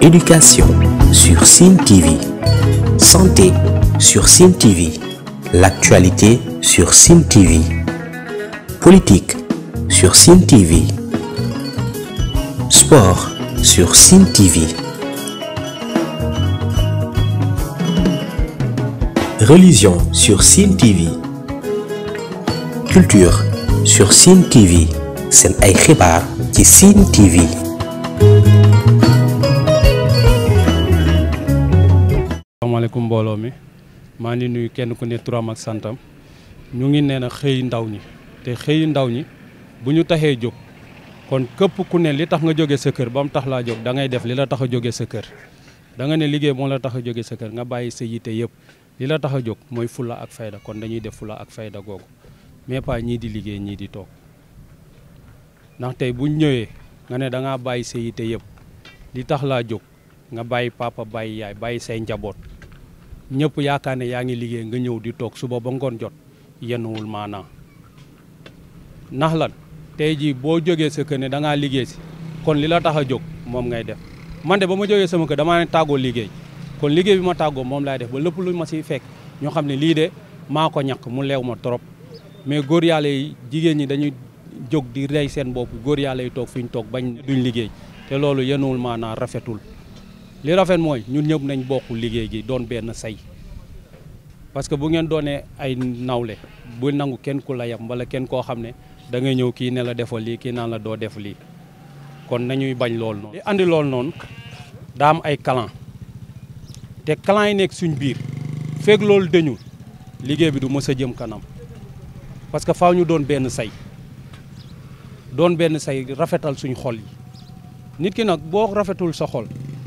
Éducation sur SIM TV. Santé sur SIM TV. L'actualité sur SIM TV. Politique sur SIM TV. Sport sur SIM TV. Religion sur SIM TV. Culture sur SIM TV. C'est un qui SIM TV. mbolo mi ma ngi nuyu kenn ku ne turam ak santam ñu ngi neena xey ndaw ñi te xey ndaw ñi bu ñu taxee jóg kon kep ku ne li tax nga joggé sa kër bam tax la jog da ngay def li la tax joggé sa kër da nga ne liggé mo la tax joggé sa kër nga bayyi sa yité yépp li la tax jog moy fula ak fayda kon dañuy def fula ak fayda googu mais pa ñi di liggé ñi di tok nak tay bu ñëwé nga ne da nga bayyi sa yité yépp li tax la jog nga bayyi papa bayyi yaay bayyi say njabot ñëpp yaakaar ne yaa ngi liggéey nga ñëw di toog suba ba ngoon jot yenuwul maanaa ndax lan tey jii boo jógee sa kër ne da ngaa liggéey si kon li la tax a jóg moom ngay def man de ba ma jógee sama kër damaa ne liggéey kon liggéey bi ma tàggoo moom laay def ba lépp lu ma siy fekk ñoo xam ne lii de maa ko ñàkk mu leew ma trop mais góor yàlla yi jigéen ñi dañuy jóg di rey seen bopp góor yàlla yi toog fi ñu toog bañ duñ liggéey te loolu yenuwul maanaa rafetul li rafet mooy ñun ñëpp nañ bokku liggéey gi doon benn say parce que bu ngeen doonee ay nawle bu nangu kenn ku la yam wala kenn koo xam ne dangay ñëw kii ne la defal lii kii naan la doo def lii kon nañuy bañ lool noonu. li andi loolu noonu daa am ay clan te clan yi nekk suñ biir feeg loolu dañul liggéey bi du mës a jëm kanam parce que faaw ñu doon benn say doon benn say rafetal suñ xol yi nit ki nag boo rafetul sa xol.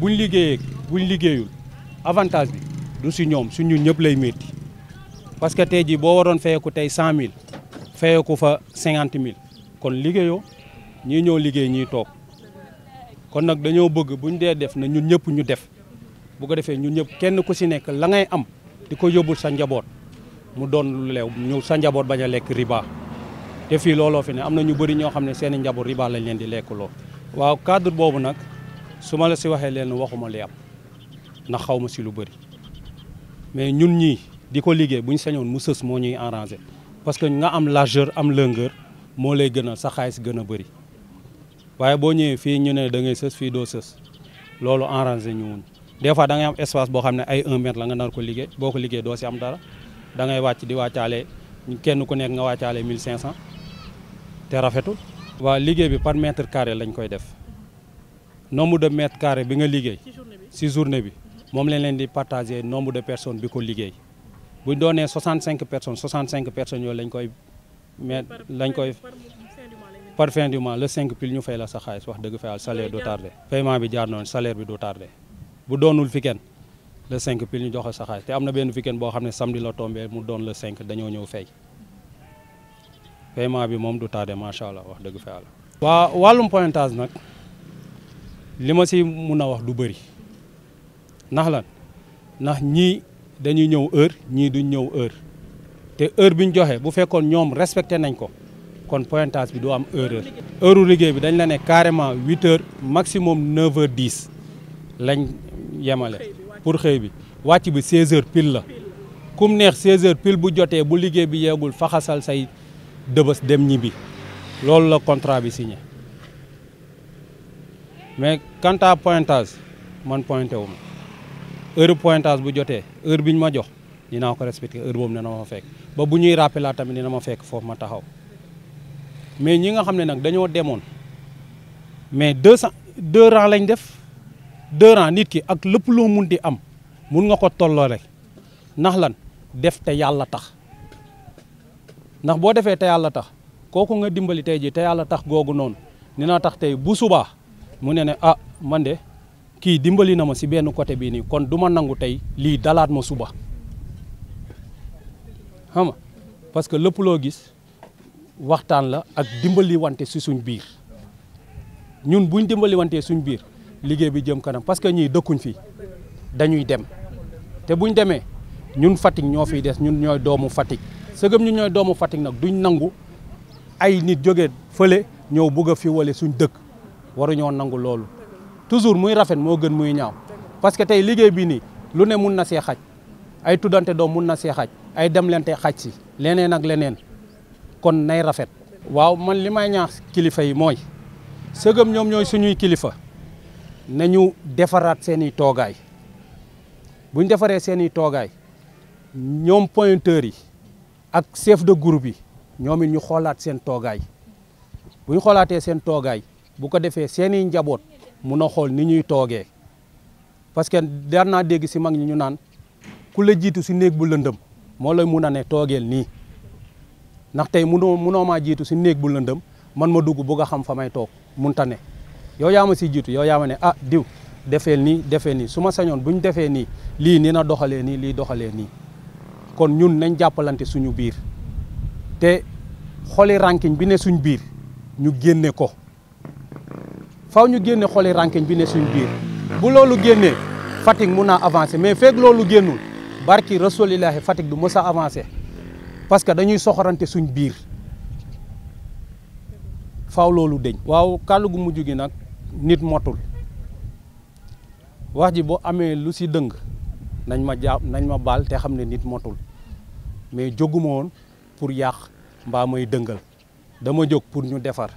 buñ liggéeyee buñ liggéeyul avantage bi du si ñoom su ñun ñëpp lay métti parce que tey jii boo waroon fayeeku tey cent mille fayeeku fa cinquante mille kon liggéeyoo ñii ñoo liggéey ñii toog kon nag dañoo bëgg buñ dee def na ñun ñëpp ñu def bu ko defee ñun ñëpp kenn ku si nekk la ngay am di ko yóbbul sa njaboot mu doon lu leew ñu sa njaboot bañ a lekk riba te fii looloo ne am na ñu bëri ñoo xam ne seen i njaboot riba lañ leen di lekk loo waaw cadre boobu nag su ma la si waxee leen waxuma li am ndax xaw ma si lu bëri mais ñun ñii di ko liggéey bu ñu sañoon mu sës moo ñuy arrangé parce que nga am largeur am longueur moo lay gënal sa xaalis gën a bëri waaye boo ñëwee fii ñu nee dangay ngay sës fii doo sës loolu arrangé ñu wuñ des fois da am espace boo xam ne ay 1 mètre la nga nar ko liggéey boo ko liggéey doo si am dara dangay wàcc di wàccaale kenn ku nekk nga wàccaale 1500 te rafetu waa liggéey bi par mètre carré lañ koy def. nombre de mètres carrés bi nga liggéey si journée bi moom lañ leen di partager nombre de personnes bi ko liggéey bu ñu doonee 65 personnes 65 personnes yooyu lañ koy mais lañ koy par fin du mois le 5 pile ñu fay la sa xaalis wax dëgg fa yàlla salaire du tardé paiement bi jaar noonu salaire bi du tardé bu doonul week-end le 5 pile ñu joxe sa xaalis te am na benn week-end boo xam ne samedi la tombé mu doon le 5 dañoo ñëw fay paiement bi moom du tardé macha allah wax dëgg fa yàlla. waa wàllum pointage nag. li ma si mun a wax du bëri ndax la ndax ñii dañuy ñëw heure ñii duñ ñëw heure te heure bi ñu joxe bu fekkoon ñoom respecté nañ ko kon pointage bi du am heure heure liggéey bi dañ la ne carrément huit heures maximum neuf heures dix lañ yemale pour xëy bi wàcc bi seize heures pile la kum neex seize heures pile bu jotee bu liggéey bi yeegul faxasal say dëbës dem ñibbi loolu la contrat bi signé. mais quant à pointage man pointé wu ma pointage bu jotee heure bi ñu ma jox dinaa ko respecté heure boobu dina ma fekk ba bu ñuy rappelé tamit dina ma fekk foofu ma taxaw mais ñi nga xam ne nag dañoo demoon mais deux cent deux rangs lañ def deux rangs nit ki ak lépp loo mun di am mun nga ko tolloo rek ndax lan def te yàlla tax ndax boo defee te yàlla tax kooku nga dimbali tey ji te yàlla tax googu noonu dina tax tey bu subaa mu ne na ah man de kii dimbali na ma si benn côté bii nii kon duma nangu tey lii dalaat ma suba xam nga parce que lépp loo gis waxtaan la ak dimbali wante si suñ biir ñun buñ dimbali wante suñ biir liggéey bi jëm kanam parce que ñii dëkkuñ fii dañuy dem te buñ demee ñun Fatick ñoo fiy des ñun ñooy doomu Fatick sëgëm ñun ñooy doomu Fatick nag duñ nangu ay nit jóge fële ñëw bugg fi wale suñ dëkk war waruñoo nangu loolu toujours muy rafet moo gën muy ñaaw parce que tey liggéey bi nii lu ne mun na see xaj ay tuddante doom mun na see xaj ay demlante xaj si leneen ak leneen kon nay rafet. waaw man li may ñaax kilifa yi mooy sëgëm ñoom ñooy suñuy kilifa nañu defaraat seen i toogaay buñ defaree seen i toogaay ñoom pointeurs yi ak chef de groupe yi ñoom it ñu xoolaat seen toogaay bu ñu xoolaatee seen toogaay. bu ko defee seeni njaboot mun a xool ni ñuy toogee parce que daan naa dégg si mag ñi ñu naan ku la jiitu si néeg bu lëndëm moo lay mun a ne toogeel nii ndax tey munoo munoo maa jiitu si néeg bu lëndëm man ma dugg bu a xam fa may toog munta ne yow yaa ma si jiitu yow yaa ne ah diw defeel nii defee nii su ma sañoon bu ñu defee nii lii nii na doxalee nii lii doxalee nii kon ñun nañ jàppalante suñu biir te xoli ranking bi ne suñu biir ñu génne ko faaw ñu génne xoli ranking bi ne suñu biir bu loolu génnee Fatick mun naa avancer mais feeg loolu génnul barki rasulillahi Fatick du mës a avancer parce que dañuy soxorante suñ biir faw loolu dëñ waaw kàllu gu mujj gi nag nit motul wax ji boo amee lu si dëng nañ ma jàpp nañ ma baal te xam ne nit motul mais jóguma woon pour yàq mbaa may dëngal dama jóg pour ñu defar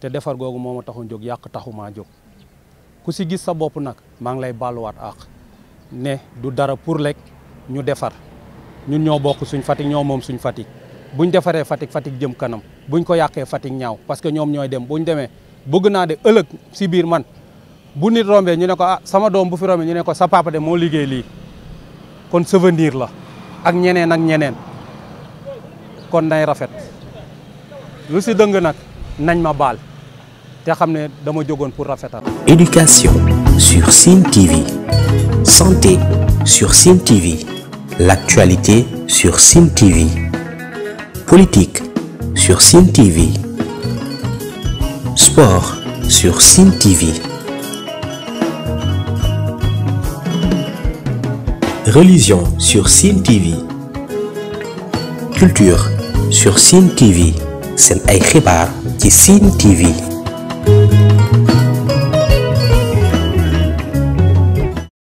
te defar googu moo ma taxoon jóg yàq taxu taxumaa jóg ku si gis sa bopp nag maa ngi lay baaluwaat àq ne du dara pour lekk ñu defar ñun ñoo bokk suñ Fatick ñoo moom suñ Fatick buñ defaree Fatick Fatick jëm kanam buñ ko yàqee Fatick ñaaw parce que ñoom ñooy dem buñ demee bëgg naa de ëllëg si biir man bu nit rombee ñu ne ko ah sama doom bu fi rombee ñu ne ko sa papa de moo liggéey lii kon souvenir la ak ñeneen ak ñeneen kon nay rafet lu si dëng nag nañ ma baal éducation sur sim TV santé sur sim TV l'actualité sur sim TV politique sur sim TV sport sur sim TV religion sur sim TV culture sur sim TV C'est ay par TV. Thank you.